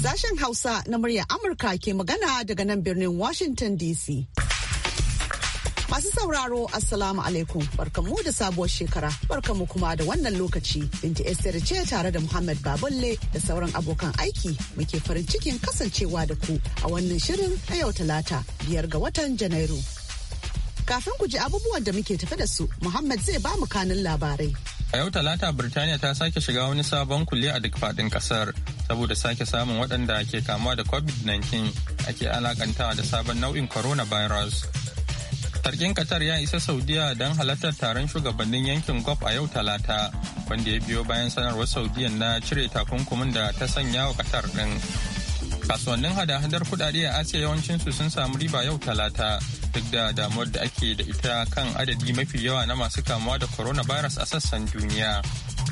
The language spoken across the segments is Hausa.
Sashen Hausa na murya Amurka ke magana daga nan birnin Washington DC. Masu sauraro Assalamu alaikum barkanmu da sabuwar shekara barkamu kuma da wannan lokaci Binta Esther ce tare da Muhammad Baballe da sauran abokan aiki muke farin cikin kasancewa da ku a wannan shirin a yau talata biyar ga watan Janairu Kafin ku ji abubuwan da muke tafi da su, Muhammad zai ba mu kanin labarai. A yau Talata Birtaniya ta sake shiga wani sabon kulle a duk faɗin ƙasar saboda sake samun waɗanda ke kamuwa da COVID-19 ake alakantawa da sabon nau'in Corona coronavirus. Sarkin Qatar ya isa Saudiya don halartar taron shugabannin yankin Gulf a yau Talata wanda ya biyo bayan sanarwar Saudiya na cire takunkumin da ta sanya wa Qatar din Kasuwannin hada-hadar kuɗaɗe a Asiya yawancinsu sun samu riba yau Talata duk da damuwar da ake da ita kan adadi mafi yawa na masu kamuwa da coronavirus a sassan duniya.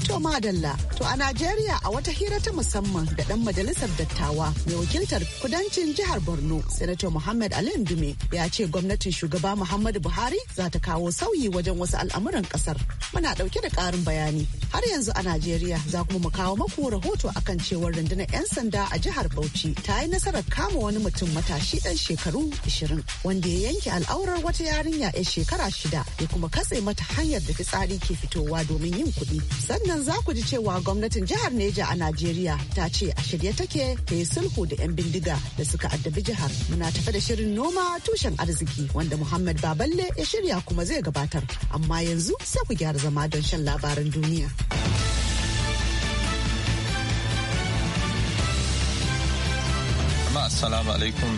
To madalla, to a Najeriya a wata hira ta musamman da ɗan majalisar dattawa mai wakiltar kudancin jihar Borno, senator Muhammad Ali Ndume ya ce gwamnatin shugaba Muhammadu Buhari za ta kawo sauyi wajen wasu al'amuran ƙasar. Muna ɗauke da ƙarin bayani. Har yanzu a Najeriya za kuma mu kawo maku rahoto akan cewar rundunar 'yan sanda a jihar Bauchi ta yi nasarar kama wani mutum matashi ɗan shekaru 20 wanda ya yanke al'aurar wata yarinya yan shekara shida ya kuma katse mata hanyar da fitsari ke fitowa domin yin kuɗi. Sannan nan za ku ji cewa gwamnatin jihar Neja a Najeriya ta ce a shirye take ta yi sulhu da 'yan bindiga da suka addabi jihar. Muna tafe da shirin noma tushen arziki wanda Muhammad Baballe ya shirya kuma zai gabatar. Amma yanzu sai ku gyara zama don shan labaran duniya. Assalamu alaikum.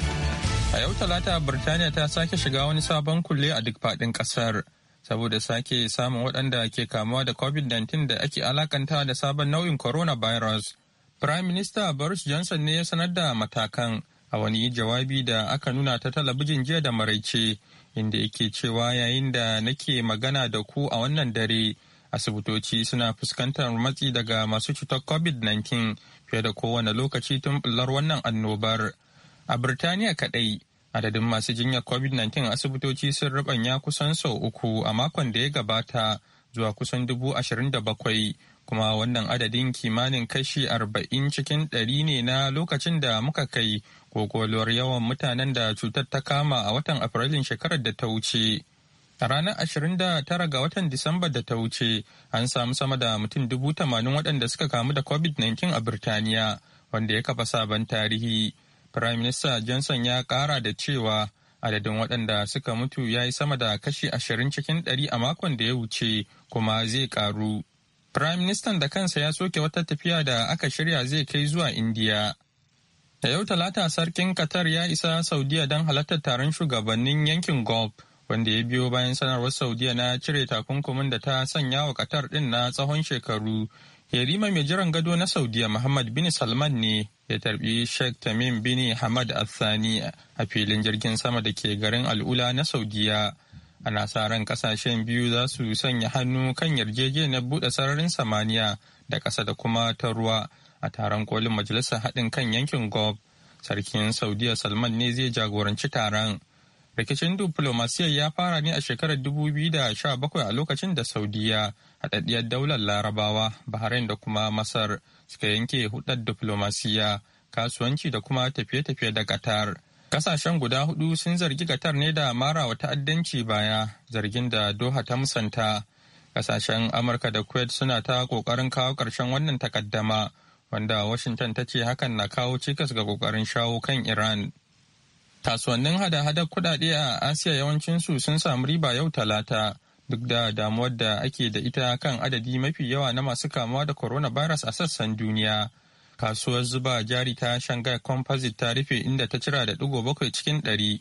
A yau Talata Birtaniya ta sake shiga wani sabon kulle a duk faɗin ƙasar. saboda sake samun waɗanda ke kamuwa da covid-19 da ake alakanta da sabon nau'in coronavirus. Prime Minister Boris Johnson ne ya sanar da matakan a wani jawabi da aka nuna ta talabijin jiya da maraice inda yake cewa yayin da nake magana da ku a wannan dare asibitoci suna fuskantar matsi daga masu cutar covid-19 fiye da kowane lokaci tun bullar wannan annobar. A Birtaniya kaɗai Adadin masu jinyar COVID-19 asibitoci sun rubanya kusan sau uku a makon da ya gabata zuwa kusan dubu ashirin da bakwai kuma wannan adadin kimanin kashi arba'in cikin ɗari ne na lokacin da muka kai kokoluwar yawan mutanen da cutar ta kama a watan afrilun shekarar da ta wuce a ranar tara ga watan disamba da ta wuce an samu sama da mutum dubu tamanin waɗanda suka kamu da covid-19 a birtaniya wanda ya kafa sabon tarihi Prime Minister Johnson ya kara da cewa adadin waɗanda suka mutu ya yi sama da kashi ashirin cikin ɗari a makon da ya wuce kuma zai ƙaru. Prime Minister da kansa ya soke wata tafiya da aka shirya zai kai zuwa india. Da yau talata sarkin Qatar ya isa Saudiya don halartar taron shugabannin yankin Gulf wanda ya biyo bayan sanarwar Saudiya na cire takunkumin da ta sanya wa Qatar ɗin na tsawon shekaru. Yarima mai jiran gado na Saudiya Muhammad bin Salman ne ya tarbi Sheikh Tamim Bini Hamad Athani a filin jirgin sama da ke garin Al'ula na Saudiya. Ana sa ran kasashen biyu za su sanya hannu kan yarjejeniyar buɗe sararin samaniya da ƙasa da kuma ta ruwa a taron kolin majalisar haɗin kan yankin Gov. Sarkin Saudiya Salman ne zai jagoranci taron. Rikicin diflomasiya ya fara ne a shekarar 2017 a lokacin da Saudiya, haɗaɗɗiyar daular Larabawa, Bahrain da kuma Masar suka yanke hudar diflomasiyya, kasuwanci da kuma tafiye-tafiye da Qatar. Kasashen guda hudu sun zargi Qatar ne da mara wa ta'addanci baya, zargin da Doha ta musanta. Kasashen Amurka da Kuwait suna ta kokarin kawo ƙarshen wannan takaddama, wanda Washington ta ce hakan na kawo cikas ga kokarin shawo kan Iran. Kasuwannin hada hada kuɗaɗe a Asiya yawancinsu sun samu riba yau talata duk da damuwar da ake da ita kan adadi mafi yawa na masu kamuwa da coronavirus a sassan duniya. Kasuwar zuba jari ta Shanghai Composite ta rufe inda ta cira da ɗigo bakwai cikin ɗari.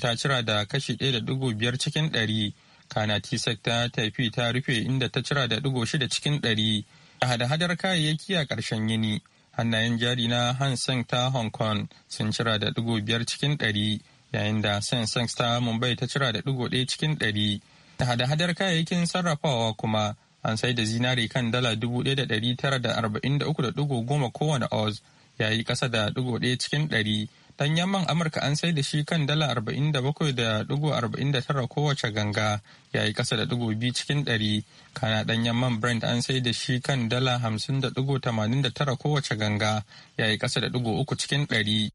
ta cira da kashi ɗaya da ɗigo biyar cikin ɗari. Kana ta taifi ta rufe inda ta cira da ɗigo shida cikin ɗari. A hada-hadar kayayyaki a ƙarshen yini. hannayen jari na hansen ta hong kong sun cira da ɗigo biyar cikin ɗari yayin da sensex ta mumbai ta cira da ɗigo ɗaya cikin ɗari da hada-hadar kayayyakin sarrafawa kuma an sai da zinari kan dala dubu ɗaya da ɗari tara da arba'in da uku da ɗigo goma kowane oz yi ƙasa da ɗigo ɗaya cikin ɗari Ɗanyen man Amurka an sai da shi kan dala 47.49 kowace ganga ya yi ƙasa da ɗigo biyu cikin ɗari. Kana ɗanyen man Brent an sai da shi kan dala 50.89 kowace ganga ya yi ƙasa da ɗigo uku cikin ɗari.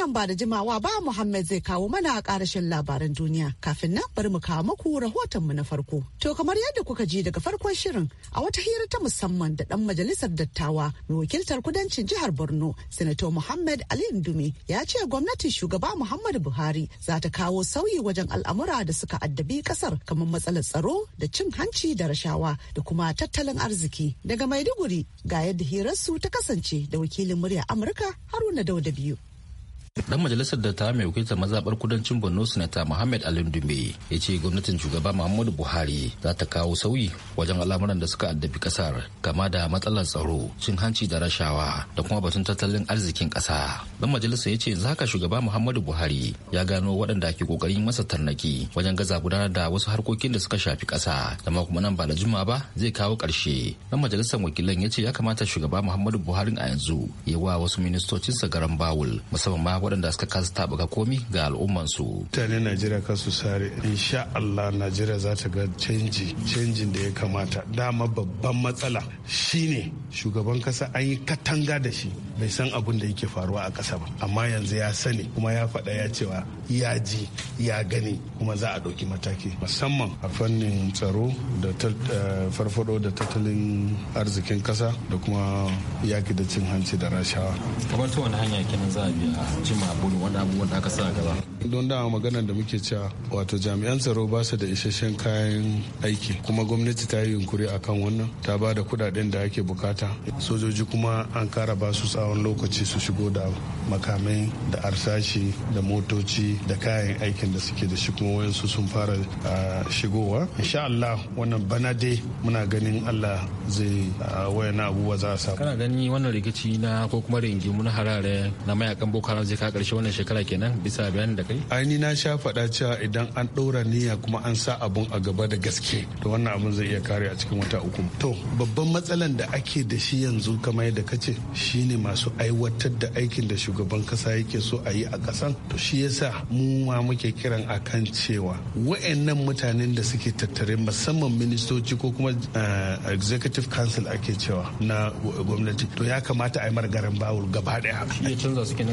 nan ba da jimawa ba Muhammad zai kawo mana karashin labaran duniya kafin nan bari mu kawo muku rahotonmu na farko. To kamar yadda kuka ji daga farkon shirin a wata hira ta musamman da dan majalisar dattawa mai wakiltar kudancin jihar Borno Sanato Muhammad Ali Ndumi ya ce gwamnatin shugaba Muhammadu Buhari za ta kawo sauyi wajen al'amura da suka addabi kasar kamar matsalar tsaro da cin hanci da rashawa da kuma tattalin arziki. Daga Maiduguri ga yadda hirarsu ta kasance da wakilin murya Amurka Haruna Dauda biyu. Dan majalisar da ta mai wakiltar mazabar kudancin Borno senator Muhammad Alin dumbe ya ce gwamnatin shugaba Muhammadu Buhari za ta kawo sauyi wajen al'amuran da suka addabi kasar kama da matsalar tsaro, cin hanci da rashawa da kuma batun tattalin arzikin kasa. Dan majalisar ya ce yanzu haka shugaba Muhammadu Buhari ya gano waɗanda ke kokarin masa tarnaki wajen gaza gudanar da wasu harkokin da suka shafi kasa da ma kuma nan ba da juma ba zai kawo ƙarshe. Dan majalisar wakilan ya ce ya kamata shugaba Muhammadu Buhari a yanzu ya wa wasu ministocinsa garan bawul musamman ma waɗanda suka kasa taɓuka komi ga al'ummansu. Mutanen Najeriya ka su sare sha Allah Najeriya za ta ga canji canjin da ya kamata dama babban matsala shine shugaban kasa an yi katanga da shi bai san abun da yake faruwa a kasa ba amma yanzu ya sani kuma ya faɗa ya cewa ya ji ya gani kuma za a ɗauki mataki musamman a fannin tsaro da eh, farfado da tattalin arzikin kasa da kuma yaki da cin hanci da rashawa. kamar ta wani hanya kenan za a biya cimma burin wanda abubuwan da aka sa gaba. don dama maganar da muke cewa wato jami'an tsaro ba su da isasshen kayan aiki kuma gwamnati ta yi yunkuri a kan wannan ta ba da kudaden da ake bukata sojoji kuma an kara ba su tsawon lokaci su shigo da makamai da arsashi da motoci da kayan aikin da suke da shi kuma wayansu sun fara shigowa insha Allah wannan bana dai muna ganin Allah zai wayana abubuwa za a samu kana gani wannan rikici na ko kuma rigingimu na harare na mayakan boko haram zai ta karshe wannan shekara kenan bisa bayanin da kai aini na sha faɗa cewa idan an ɗora niyya kuma an sa abun a gaba da gaske to wannan abun zai iya kare a cikin wata uku to babban matsalan da ake da shi yanzu kamar yadda kace shine masu aiwatar da aikin da shugaban kasa yake so a yi a kasan to shi yasa mu ma muke kiran akan cewa wa'annan mutanen da suke tattare musamman ministoci ko kuma eh, executive council ake cewa na gwamnati to ya kamata a yi margarin bawul gaba daya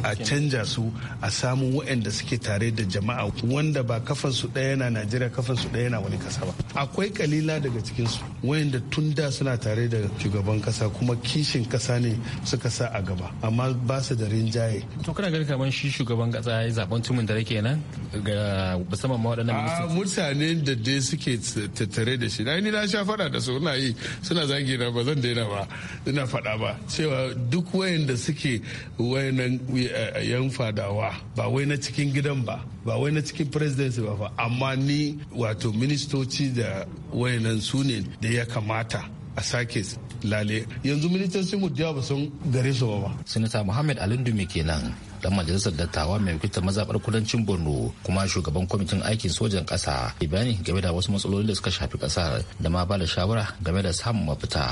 a canja su a samu waɗanda suke tare da jama'a wanda ba kafan su ɗaya na najeriya kafan su ɗaya na wani kasa ba akwai kalila daga cikinsu waɗanda tun da suna tare da shugaban kasa kuma kishin kasa ne suka sa a gaba amma ba su da rinjaye to kana ganin kamar shi shugaban kasa ya zaben tumin da rake nan ga musamman ma waɗannan mutane da dai suke tattare da shi na ni na sha faɗa da su ina yi suna zagi na ba zan daina ba ina faɗa ba cewa duk wayanda suke wayannan eh, yan fadawa ba wai na cikin gidan ba ba wai na cikin presidency ba fa amma ni wato ministoci da wayanan su ne da ya kamata a sake lale yanzu ministocin mudiya ba sun gare su ba sanata muhammad alindumi kenan dan majalisar dattawa mai wakilta mazabar kudancin borno kuma shugaban kwamitin aikin sojan kasa bayani game da wasu matsaloli da suka shafi kasar da ma ba da shawara game da samun mafita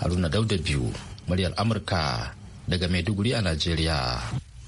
haruna dauda biyu muryar amurka daga maiduguri a najeriya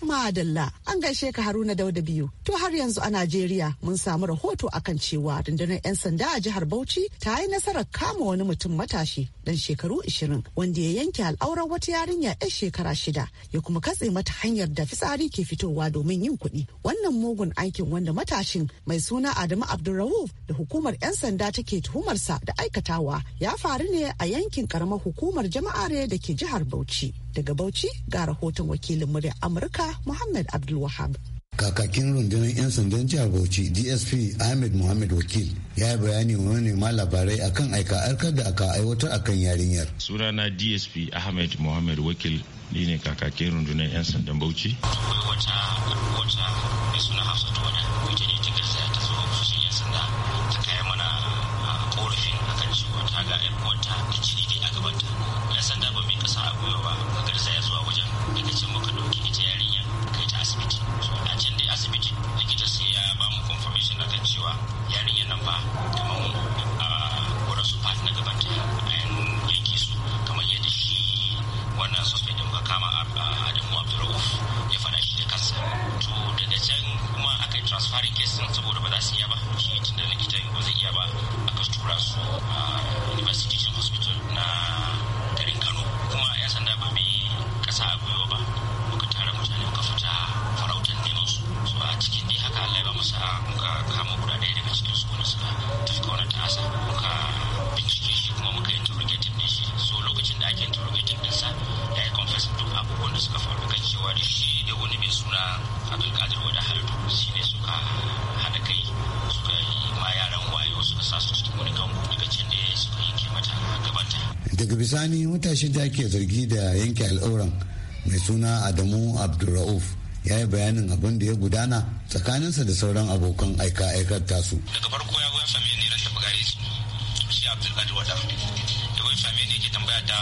madalla an gaishe ka haruna dauda biyu to har yanzu a najeriya mun samu rahoto akan cewa rundunar 'yan sanda a jihar bauchi ta yi nasarar kama wani mutum matashi dan shekaru 20 wanda ya yanke al'aurar wata yarinya 'yar shekara shida ya kuma katse mata hanyar da fitsari ke fitowa domin yin kuɗi wannan mugun aikin wanda matashin mai suna adamu abdulrahuf da hukumar 'yan sanda take tuhumarsa da aikatawa ya faru ne a yankin karamar hukumar jama'are da ke jihar bauchi daga Bauchi ga rahoton wakilin murya Amurka Muhammad Abdulwahab. kakakin rundunar 'yan sandan jihar bauchi dsp ahmed muhammad wakil ya yi bayani wa manema labarai akan aika arkar da aka aiwatar akan yarinyar sunana dsp ahmed muhammad wakil ni ne kakakin rundunar 'yan sandan bauchi wata wata mai suna hafsa tuwana wace ne ta garza ta zo ofishin 'yan sanda ta kai mana korafin akan cewa ta ga 'yan uwanta da ciki a gabanta 'yan sanda ba mai kasa a gwiwa ba shi da ake zargi da yanke al'auran mai suna adamu abdulra'uf ya yi bayanin abin da ya gudana tsakaninsa da sauran abokan aika-aikar tasu daga farko ya goya same ni rashin bagare shi abdulkadir wada da goya same ne yake tambaya ta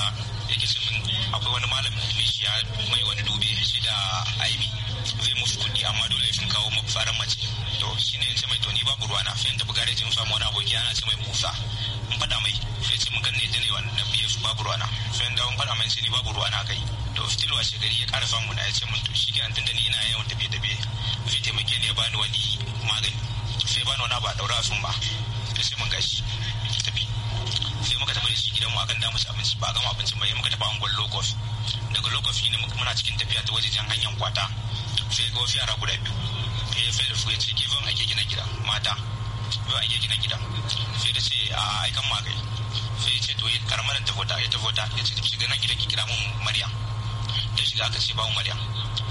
ya ke min akwai wani malamin ilimin shi ya mai wani dubi shi da aibi zai musu kudi amma dole sun kawo mafitsarin mace to shi ne ce mai to ni babu ruwana sai in tafi garejin samu wani aboki ana ce mai musa in faɗa mai sai ce mun kan ne jane wani na biyu babu ruwana so in dawo faɗa mai ce ni babu ruwana kai to still washe gari ya ƙara samu na ya ce mun to shi kenan tunda ni ina yawan tafiye tafiye zai taimake ni ya bani wani magani sai bani wani ba ɗaura sun ba to sai mun gashi tafi sai muka tafi da shi gidanmu akan damu ci abinci ba gama abinci ba muka tafi angon lagos daga lagos ne muna cikin tafiya ta jan hanyar kwata sai ga wasu yara guda biyu ya eh, sai da su ya ce ke zan ake gina gida mata zan ake gina gida sai da ce a aikan magani. sai ce to ya karmar ta fota ya ta fota ya ce tafi shiga nan gidan ki kira mun maryam ta shiga aka ce ba mu maryam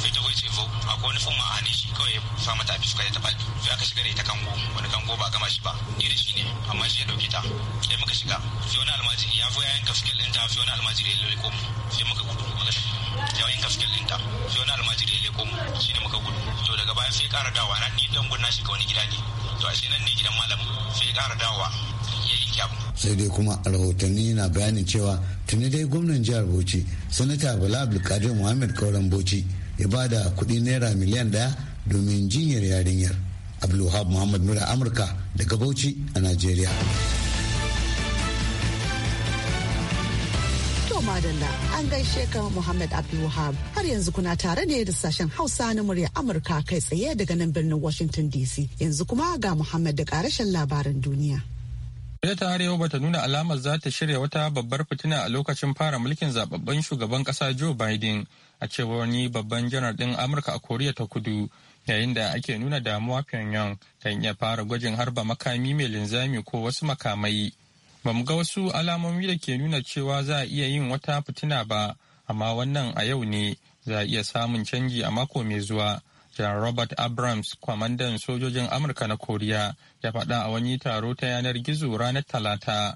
sai ta ce zo akwai wani fun ma'ani shi kawai ya sa mata fuska suka ta faɗi sai aka shiga da ita kango wani kango ba gama shi ba ni da shi ne amma shi ya dauki ta sai muka shiga sai wani almaji ya zo ya yanka fuskar ɗinta sai wani almaji ya lalle mu sai muka gudu muka ya yanka fuskar ɗinta sai wani almaji ya lalle mu shi ne muka gudu to daga baya sai kara dawa na ni dan shi ka wani gida ne to ashe nan ne gidan malam sai kara dawa sai dai kuma a rahotanni na bayanin cewa tuni dai gwamnan jihar bauchi sanata bala abdulkadir muhammad kauran bauchi ya ba da kudi naira miliyan daya domin jinyar yarinyar abdulwahab muhammad mura amurka daga bauchi a najeriya madalla an gaishe ka Muhammad Abdulwahab har yanzu kuna tare ne da sashen Hausa na murya Amurka kai tsaye daga nan birnin Washington DC yanzu kuma ga Muhammad da karashen labaran duniya. Koriya ta Arewa bata nuna alamar za ta shirya wata babbar fitina a lokacin fara mulkin zababben shugaban kasa Joe Biden a cewar wani babban janar din Amurka a Koriya ta Kudu yayin da ake nuna damuwa Pyongyang kan iya fara gwajin harba makami mai linzami ko wasu makamai. bamu ga wasu alamomi da ke nuna cewa za a iya yin wata fitina ba, amma wannan a yau ne za a iya samun canji a mako mai zuwa General Robert Abrams, kwamandan sojojin Amurka na Koriya, ya faɗa a wani taro ta yanar gizo ranar Talata.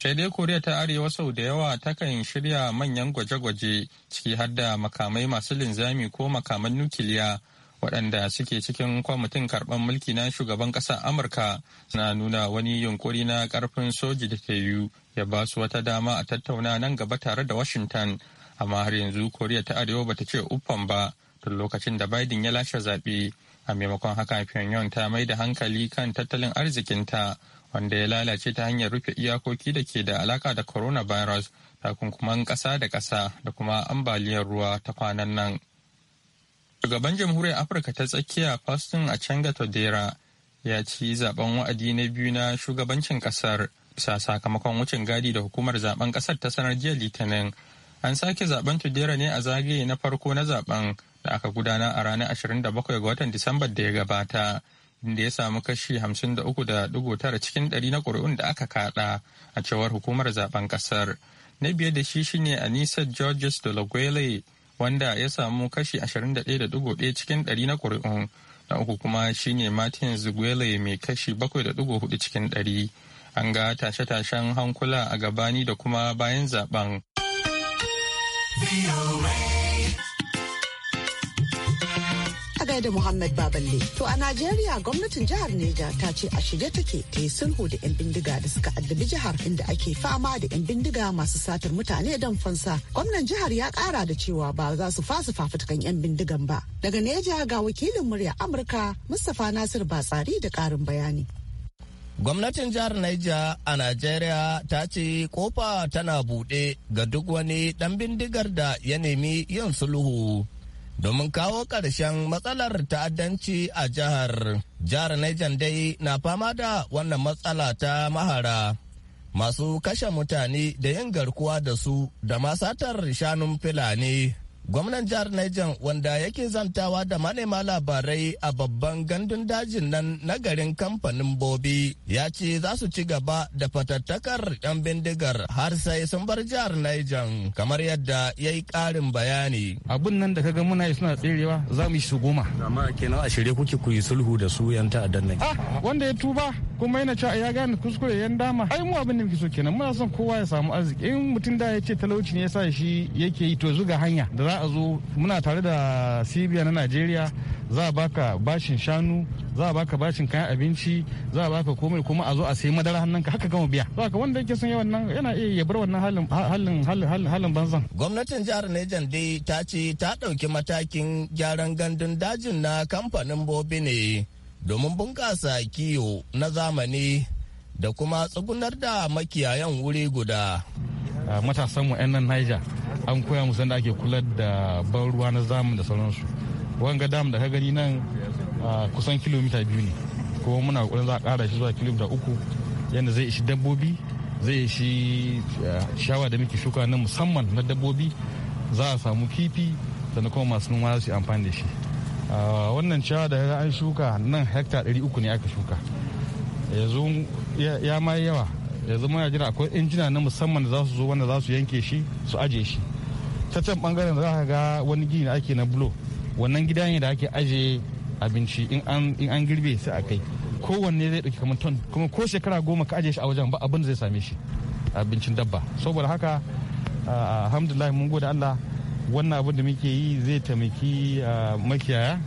Sai dai Koriya ta Arewa sau da yawa takan shirya manyan gwaje-gwaje ciki har da makamai masu linzami ko makaman nukiliya waɗanda suke cikin kwamitin karɓar mulki na shugaban ƙasar Amurka suna nuna wani yunkuri na ƙarfin soji da yiwu ya ba su wata dama a tattauna nan gaba tare da Washington. Amma har yanzu Koriya ta Arewa bata ce uffan ba. tun lokacin da Biden ya lashe zaɓe. A maimakon haka Pyongyang ta mai da hankali kan tattalin arzikinta wanda ya lalace ta hanyar rufe iyakoki da ke da alaka da coronavirus takunkuman ƙasa da ƙasa da kuma ambaliyar ruwa ta kwanan nan. Shugaban jamhuriyar Afirka ta tsakiya Faustin Achanga Todera ya ci zaben wa'adi na biyu na shugabancin ƙasar bisa sakamakon wucin gadi da hukumar zaben ƙasar ta sanar jiya Litinin. An sake zaben Todera ne a zagaye na farko na zaben da aka gudanar a ranar 27 ga watan Disambar da ya gabata, inda ya samu kashi 53.9 cikin 100 na ƙuri'un da aka kaɗa a cewar hukumar zaben ƙasar. Na biye da shi shine Anisa Georges Dologuele wanda ya samu kashi 21.1 cikin 100 na ƙuri'un. Na uku kuma shine Martin Zuguele mai kashi 7.4 cikin 100. An ga tashe-tashen hankula a gabani da kuma bayan zaben. da Muhammad Baballe. To a Najeriya gwamnatin jihar Neja ta ce a shirye take ta yi sulhu da 'yan bindiga da suka addabi jihar inda ake fama da 'yan bindiga masu satar mutane don fansa. Gwamnan jihar ya kara da cewa ba za su fasa fafutukan 'yan bindigan ba. Daga Neja ga wakilin murya Amurka Mustapha Nasir Batsari da karin bayani. Gwamnatin jihar Naija a Najeriya ta ce kofa tana buɗe ga duk wani ɗan bindigar da ya nemi yin sulhu. domin kawo ƙarshen matsalar ta'addanci a jihar. Jihar Niger dai na fama da wannan matsala ta mahara. Masu kashe mutane da yin garkuwa da su da masatar shanun Fulani. gwamnan jihar Niger wanda yake zantawa da manema labarai a babban gandun dajin nan na garin kamfanin bobi ya ce za su ci gaba da fatattakar 'yan bindigar har sai sun bar jihar Niger kamar yadda ya yi karin bayani abun nan da kaga muna suna tserewa za mu yi su goma amma kenan a shirye kuke ku yi sulhu da su 'yan ta'addan nan ah wanda ya tuba kuma yana cewa ya gane kuskure yan dama ai mu abin da muke so kenan muna son kowa ya samu arziki in mutum da ya ce talauci ne yasa shi yake yi to zuga hanya da a zo muna tare da cibiya na najeriya za a baka bashin shanu za a baka bashin kayan abinci za a baka komai kuma a zo a sayi madara hannun ka haka gama biya za ka wanda yake son yawan nan yana iya ya bar wannan halin halin halin halin banzan gwamnatin jihar Niger dai ta ce ta ɗauki matakin gyaran gandun dajin na kamfanin bobi ne domin bunƙasa kiyo na zamani da kuma tsugunar da makiyayan wuri guda matasanmu 'yan nan Niger an koya musu da ake kula da ban ruwa na zamu da sauransu wanga dam da ka gani nan kusan kilomita biyu ne kuma muna kokarin za a kara shi zuwa kilomita uku yadda zai ishi dabbobi zai ishi shawa da muke shuka na musamman na dabbobi za a samu kifi sannan kuma masu noma za su amfani da shi wannan ciyawa da an shuka nan hekta uku ne aka shuka yanzu ya ma yawa yanzu muna jira akwai injina na musamman da za su zo wanda za su yanke shi su aje shi ta can bangaren za ka ga wani gini da ake na bulo wannan gida ne da ake aje abinci in an girbe sai a kai kowanne zai dauki kamar ton kuma ko shekara goma ka aje shi a wajen ba abin zai same shi abincin dabba saboda haka alhamdulillah mun gode Allah wannan abin da muke yi zai taimaki makiyaya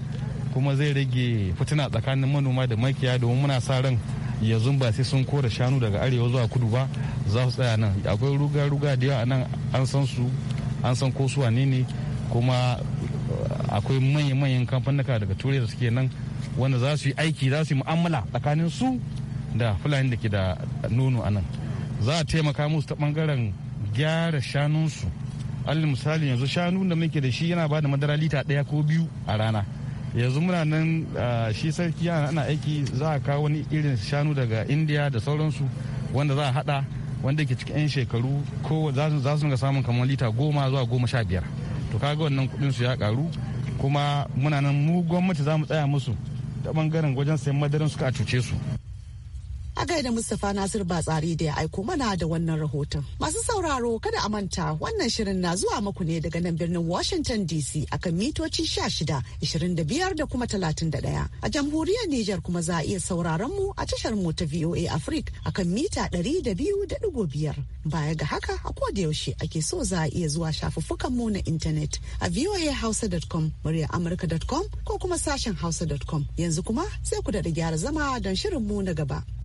kuma zai rage fitina tsakanin manoma da makiyaya domin muna sa ran yanzu ba sai sun kora shanu daga arewa zuwa kudu ba za su tsaya nan akwai ruga-ruga da yawa nan an san su an san ko su wane ne kuma akwai manya-manyan kamfanuka daga turai da suke nan wanda za su yi aiki za su yi mu'amala tsakanin su da fulani da ke da nono a nan za a taimaka musu ta bangaren gyara shanunsu alli misali yanzu shanu da muke da shi yana ba da madara lita daya ko biyu a rana yanzu muna nan shi sarki ana aiki za a kawo wani irin shanu daga indiya da sauransu wanda za a hada wanda ke cikin 'yan shekaru ko za su ga samun kamar lita goma zuwa goma sha biyar to kaga wannan kuɗin su ya karu kuma muna nan mu gwamnati za mu tsaya musu ta bangaren wajen sayan madarin suka a cuce su a gaida Mustapha Nasir Batsari da ya aiko mana da wannan rahoton. Masu sauraro kada a manta wannan shirin na zuwa maku ne daga nan birnin Washington DC akan mitoci 16, 25 da kuma 31. A jamhuriyar Nijar kuma za a iya sauraron mu a tashar mu ta VOA Africa akan mita 200.5. Baya ga haka a koda yaushe ake so za a iya zuwa shafuffukan mu na intanet a voahausa.com, muryaamurka.com ko kuma sashen hausa.com. Yanzu kuma sai ku daɗa gyara zama don shirin mu na gaba.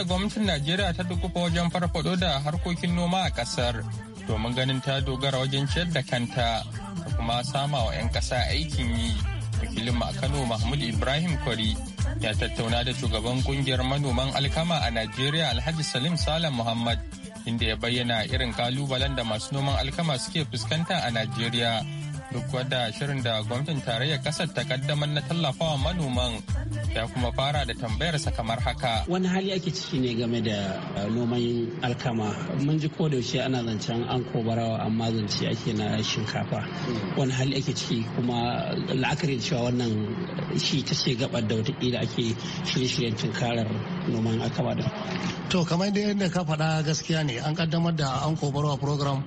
da gwamnatin Najeriya ta dukufa wajen farfado da harkokin noma a ƙasar domin ganin ta dogara wajen ciyar da kanta da kuma sama wa 'yan ƙasa aikin yi. Wakilin a Kano Mahmud Ibrahim Kwari ya tattauna da shugaban kungiyar manoman alkama a Najeriya Alhaji Salim Salam Muhammad inda ya bayyana irin kalubalen da masu noman alkama suke fuskanta a Najeriya. duk wadda shirin da gwamnatin tarayyar kasar ta kaddamar na tallafawa manoman ya kuma fara da tambayarsa kamar haka. Wani hali ake ciki ne game da uh, noman alkama. Mun ji ko da yaushe ana zancen an kobarawa amma zance ake na shinkafa. Wani hali ake ciki kuma uh, la'akari da cewa wannan uh, shi ta ce gabar da watakila ake shirye-shiryen tunkarar noman alkama da. To kamar dai yadda ka faɗa gaskiya ne an kaddamar da an kobarawa program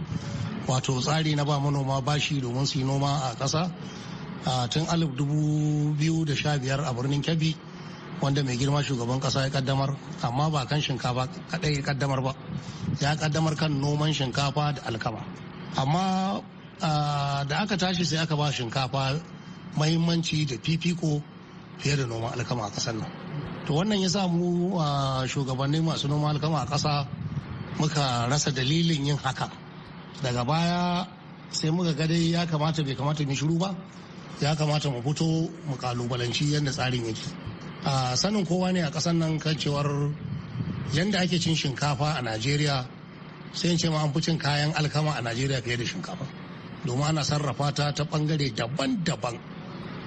wato tsari na ba manoma bashi domin su yi noma a ƙasa tun 2015 a birnin kebbi wanda mai girma shugaban ƙasa ya kaddamar amma ba kan shinkafa kadai ya kaddamar ba ya kaddamar kan noman shinkafa da alkama amma da aka tashi sai aka ba shinkafa mahimmanci da fifiko fiye da noman alkama a ƙasar nan to wannan ya samu shugabanni masu noma alkama a ƙasa muka rasa dalilin yin haka daga baya sai muka ga dai ya kamata bai kamata mu shiru ba ya kamata mu fito mu kalubalanci yadda tsarin yake a sanin kowa ne a ƙasar nan kan cewar yadda ake cin shinkafa a najeriya sai in ce ma an fi cin kayan alkama a najeriya fiye da shinkafa domin ana sarrafa ta ta bangare daban-daban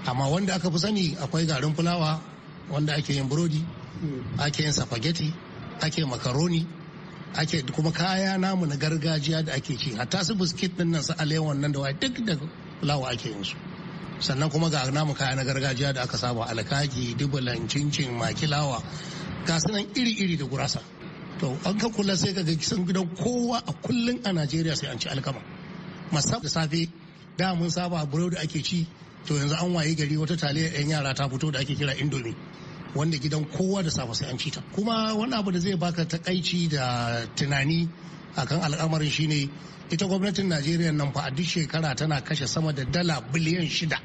amma wanda aka fi sani akwai garin fulawa wanda ake yin burodi ake yin spaghetti ake makaroni ake kuma kaya namu na gargajiya da ake ci hatta su biskit din nan su alewan nan da waye duk da fulawa ake yin su sannan kuma ga namu kaya na gargajiya da aka saba alkaki dubulan cincin makilawa ga sunan iri-iri da gurasa to an ka kula sai ka ga kisan gidan kowa a kullun a najeriya sai an ci alkama musamman da safe da mun saba burodi ake ci to yanzu an waye gari wata taliyar yan yara ta fito da ake kira indomie. wanda gidan kowa da safa sai an ci kuma wani abu da zai baka takaici da tunani akan al'amarin shine ita gwamnatin najeriya nan fa a duk shekara tana kashe sama da dala biliyan shida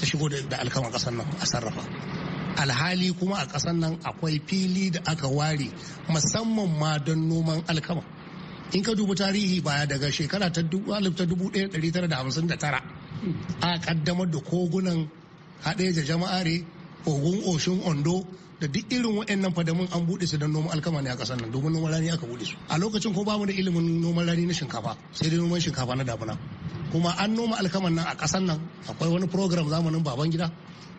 ta shigo da alkama kasar nan a sarrafa alhali kuma a kasar nan akwai fili da aka ware musamman ma don noman alkama in ka dubi tarihi baya daga shekara ta 1959 a kaddamar da kogunan haɗe da jama'are ogun oshun ondo da duk irin waɗannan fadamin an buɗe su don noman alkama ne a ƙasar nan domin noman rani aka buɗe su a lokacin ko bamu da ilimin noman rani na shinkafa sai dai noman shinkafa na damuna kuma an noma alkaman nan a ƙasar nan akwai wani program zamanin baban gida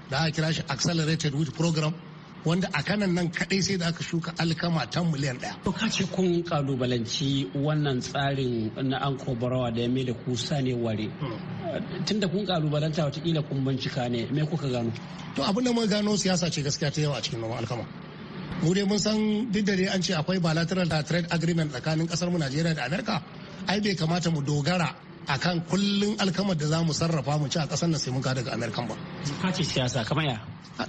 da aka kira shi accelerated with program wanda a kanan nan kadai sai da aka shuka alkama ta miliyan daya To kace kun kalubalanci wannan tsarin na an kobarawa da ya mai da kusa ne ware. Hmm. Tun da kun kalubalanta watakila kun bincika ne me kuka gano? To abin da mun gano siyasa ce gaskiya ta yawa a cikin noman alkama. Mu dai mun san duk da dai an ce akwai bilateral trade agreement tsakanin kasar mu Najeriya da Amerika. Ai bai kamata mu dogara akan kullun alkamar da za mu sarrafa mu ci a ƙasar nan sai mun ka daga amerikan ba ka ce siyasa kamar ya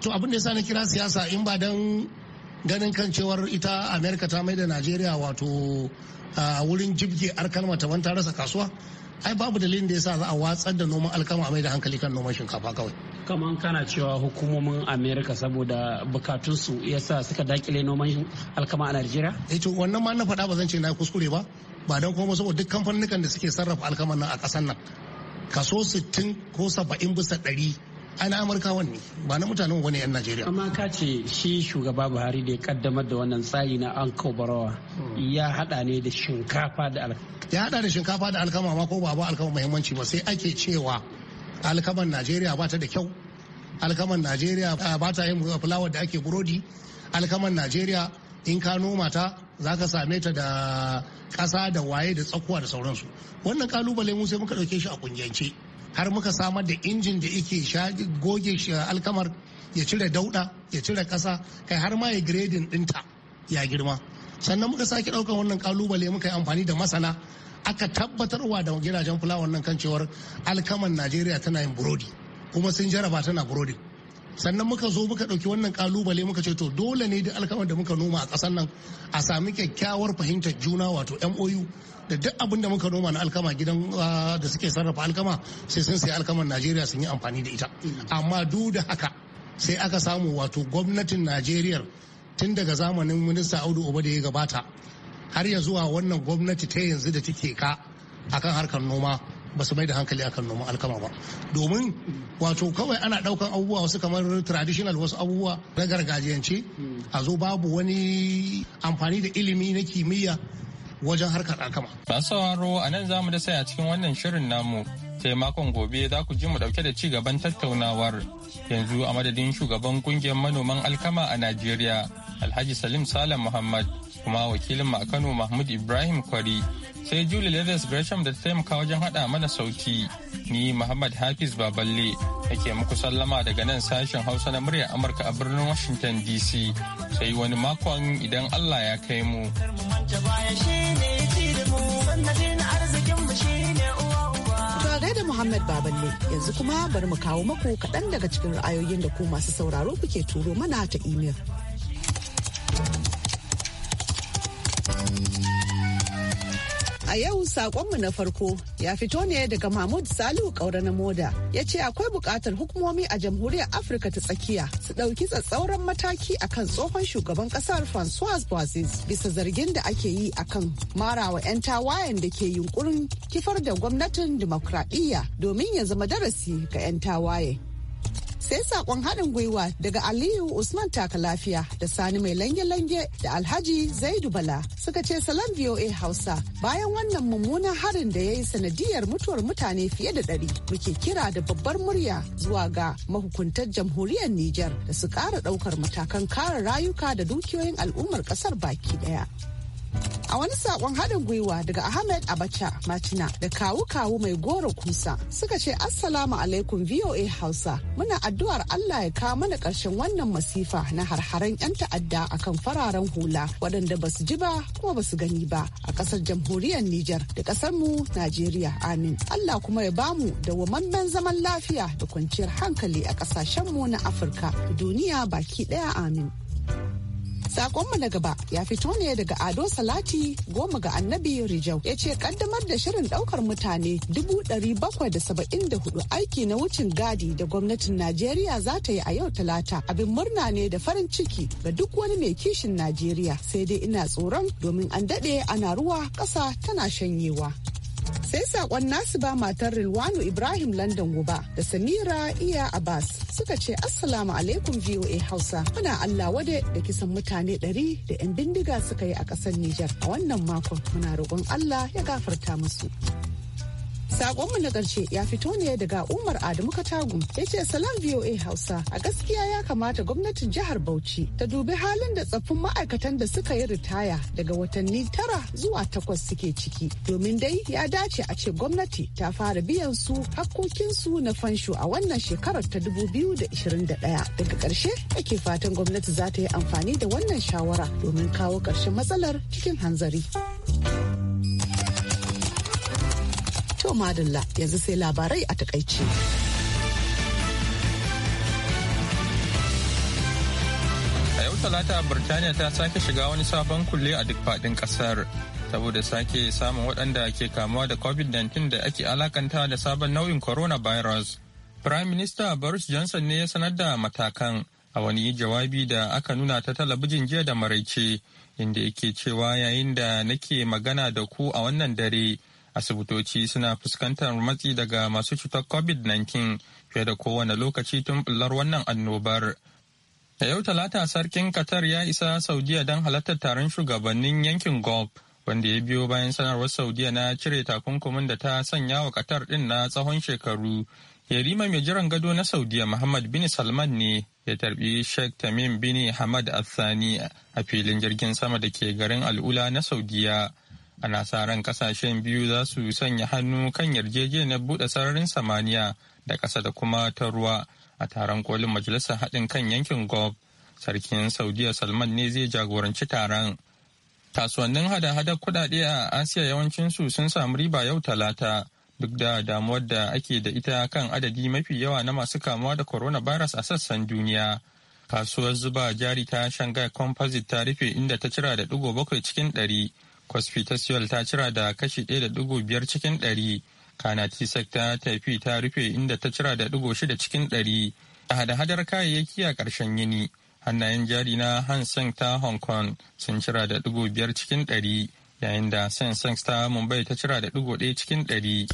to abin da yasa na kira siyasa in ba dan ganin kan cewar ita amerika ta mai da najeriya wato a wurin jibge alkalma ta ban ta rasa kasuwa ai babu dalilin da yasa za a watsar da noman alkama a mai da hankali kan noman shinkafa kawai kaman kana cewa hukumomin america saboda bukatunsu yasa suka dakile noman alkama a najeriya eh to wannan ma na faɗa ba zan ce na kuskure ba ba don kuma saboda duk kamfanin da suke sarrafa alkaman nan a ƙasar nan kaso 60 ko 70 bisa ɗari ai na amurkawan ne ba na mutanen wani yan najeriya amma ka ce shi shugaba buhari da ya kaddamar da wannan tsayi na an barawa ya hada ne da shinkafa da alkama ya hada da shinkafa da alkama ma ko ba ba alkama muhimmanci ba sai ake cewa alkaman najeriya ba ta da kyau alkaman najeriya ah, ba ta yin fulawar da ake burodi alkaman najeriya in ka noma ta za ka same ta da ƙasa da waye da tsakuwa da sauransu wannan kalubale mu sai muka ɗauke shi a kungiyance har muka samar da injin da yake goge shi alkamar ya cire dauda ya cire kasa kai har ma ya gredin dinta ya girma sannan muka sake daukan wannan kalubale muka yi amfani da masana aka tabbatarwa da gidajen fulawar nan kan cewar alkaman najeriya tana yin burodi kuma sun jaraba tana burodi sannan muka zo muka ɗauki wannan kalubale muka ce to dole ne duk alkamar da muka noma a ƙasar nan a sami kyakkyawar fahimtar juna wato MOU da duk abin da muka noma na alkama gidan ah, da suke sarrafa alkama sai sun sai alkamar Najeriya sun yi amfani da ita amma duk da haka sai aka samu wato gwamnatin Najeriya tun daga zamanin minista Audu Oba da ya gabata har ya zuwa wannan gwamnati ta yanzu da take ka akan harkar noma ba su mai da hankali akan noman alkama ba domin wato kawai ana daukan abubuwa wasu kamar traditional wasu abubuwa na gargajiyance a zo babu wani amfani da ilimi na kimiyya wajen harkar alkama. Masu sauraro a nan zamu da saya cikin wannan shirin namu sai makon gobe za ku ji mu dauke da ci gaban tattaunawar yanzu a madadin shugaban kungiyar manoman alkama a Najeriya Alhaji Salim Salam Muhammad kuma wakilin a Kano Mahmud Ibrahim Kwari sai Julie Leathers Gresham da ta taimaka wajen hada mana sauti ni Muhammad Hafiz Baballe ke muku sallama daga nan sashen Hausa na muryar Amurka a birnin Washington DC sai wani makon idan Allah ya kai mu. da Muhammad Baballe yanzu kuma bari mu kawo maku kaɗan daga cikin ra'ayoyin da ku masu sauraro kuke turo mana ta imel. A yau sakonmu na farko ya fito ne daga Mahmud Salihu Kaura na Moda ya ce akwai buƙatar hukumomi a jamhuriyar Afirka ta tsakiya su ɗauki tsatsauran mataki akan tsohon shugaban ƙasar Francois Boziz bisa zargin da ake yi akan marawa 'yan tawayen da ke yunkurin kifar da gwamnatin dimokuraɗiyya domin ya zama darasi ga 'yan tawaye. sai sakon haɗin gwiwa daga aliyu usman taka lafiya da sani mai lange-lange da alhaji zaidu bala suka ce salam voa hausa bayan wannan mummunan harin da ya yi sanadiyar mutuwar mutane fiye da ɗari muke kira da babbar murya zuwa ga mahukuntar jamhuriyar niger da su ƙara ɗaukar matakan kare rayuka da dukiyoyin al'ummar ƙasar baki ɗaya A wani sakon haɗin gwiwa daga Ahmed Abacha Matina da kawu kawu mai goro kusa suka ce Assalamu alaikum VOA Hausa. Muna addu'ar Allah ya kawo mana ƙarshen wannan masifa na harharen 'yan ta'adda akan fararen hula waɗanda ba su ji ba kuma ba su gani ba a ƙasar jamhuriyar Nijar da ƙasar mu Najeriya. Amin. Allah kuma ya bamu da wamammen zaman lafiya da kwanciyar hankali a ƙasashen mu na Afirka duniya baki ɗaya. Amin. Sakonmu na gaba ya fito ne daga Ado Salati goma ga Annabi Rijau ya ce kaddamar da shirin daukar mutane dubu ɗari bakwai da saba'in da hudu aiki na wucin gadi da gwamnatin Najeriya za ta yi a yau Talata abin murna ne da farin ciki ga duk wani mai kishin Najeriya sai dai ina tsoron domin an daɗe ana ruwa ƙasa tana shanyewa. sai sakon nasu ba matar Rilwanu Ibrahim London Guba da Samira Iya Abbas suka ce Assalamu alaikum VOA Hausa. Muna Allah wade da kisan mutane 100 da 'yan bindiga suka yi a ƙasar Nijar a wannan makon muna roƙon Allah ya gafarta musu. Sakonmu na ƙarshe ya fito ne daga Umar Adamu Katagu ya ce salam VOA Hausa a gaskiya ya kamata gwamnatin jihar Bauchi ta dubi halin da tsaffin ma'aikatan da suka yi ritaya daga watanni tara zuwa takwas suke ciki domin dai ya dace a ce gwamnati ta fara biyan su hakkokinsu na fansho a wannan shekarar ta 2021 daga ƙarshe ake fatan gwamnati za ta yi amfani da wannan shawara domin kawo ƙarshen matsalar cikin hanzari. To madalla yanzu sai labarai a takaice. A yau talata Birtaniya ta sake shiga wani sabon kulle a duk faɗin ƙasar saboda sake samun waɗanda ke kamuwa da COVID-19 da ake alakanta da sabon nau'in coronavirus. Prime Minister Boris Johnson ne ya sanar da matakan a wani jawabi da aka nuna ta talabijin jiya da maraice inda yake cewa yayin da nake magana da ku a wannan dare asibitoci suna fuskantar matsi daga masu cutar covid-19 fiye da kowane lokaci tun bullar wannan annobar a yau talata sarkin qatar ya isa saudiya don halartar taron shugabannin yankin gulf wanda ya biyo bayan sanarwar saudiya na cire takunkumin da ta sanya wa qatar din na tsawon shekaru yarima mai jiran gado na saudiya muhammad bin salman ne ya tarbi sheikh tamim bin hamad al-thani a filin jirgin sama da ke garin al'ula na saudiya ana sa ran kasashen biyu za su sanya hannu kan yarjejeniyar bude sararin samaniya da ƙasa da kuma ta ruwa a taron kolin majalisar haɗin kan yankin gov sarkin saudiya salman ne zai jagoranci taron kasuwannin hada hada kudade a asiya yawancinsu sun samu riba yau talata duk da damuwar da ake da ita kan adadi mafi yawa na masu kamuwa da coronavirus a sassan duniya kasuwar zuba jari ta shanghai composite ta rufe inda ta cira da digo bakwai cikin ɗari Hospital ta cira da kashi 1.5 cikin 100, Kanati t e ta fi ta rufe inda ta cira da digo shida cikin 100 a hada-hadar kayayyaki a ƙarshen yini. Hannayen jari na Hang ta Hong Kong sun cira da digo biyar cikin 100, yayin da Sensex ta Mumbai ta cira da digo ɗaya cikin 100.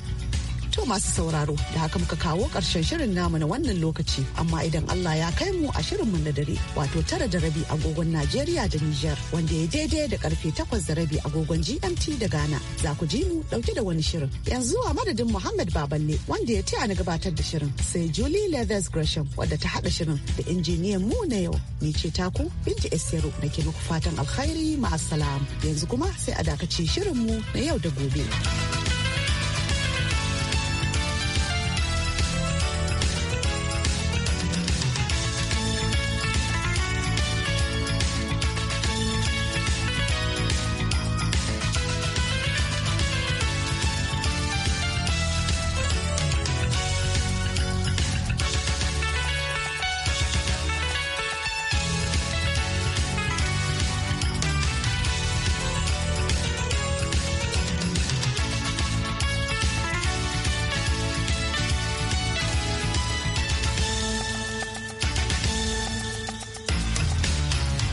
To masu sauraro da haka muka kawo karshen shirin namu na wannan lokaci amma idan Allah ya kai mu a shirin mu na dare wato tara da rabi agogon Najeriya da Nijar wanda ya daidai da karfe takwas da rabi agogon GMT da Ghana za ku ji mu dauke da wani shirin. Yanzu a madadin Muhammad Baballe wanda ya taya ni gabatar da shirin sai Julie Leathers Gresham wadda ta haɗa shirin da injiniyan mu na yau ni ce taku Binti Esiru nake ke muku fatan alkhairi ma'assalam yanzu kuma sai a dakace shirin mu na yau da gobe.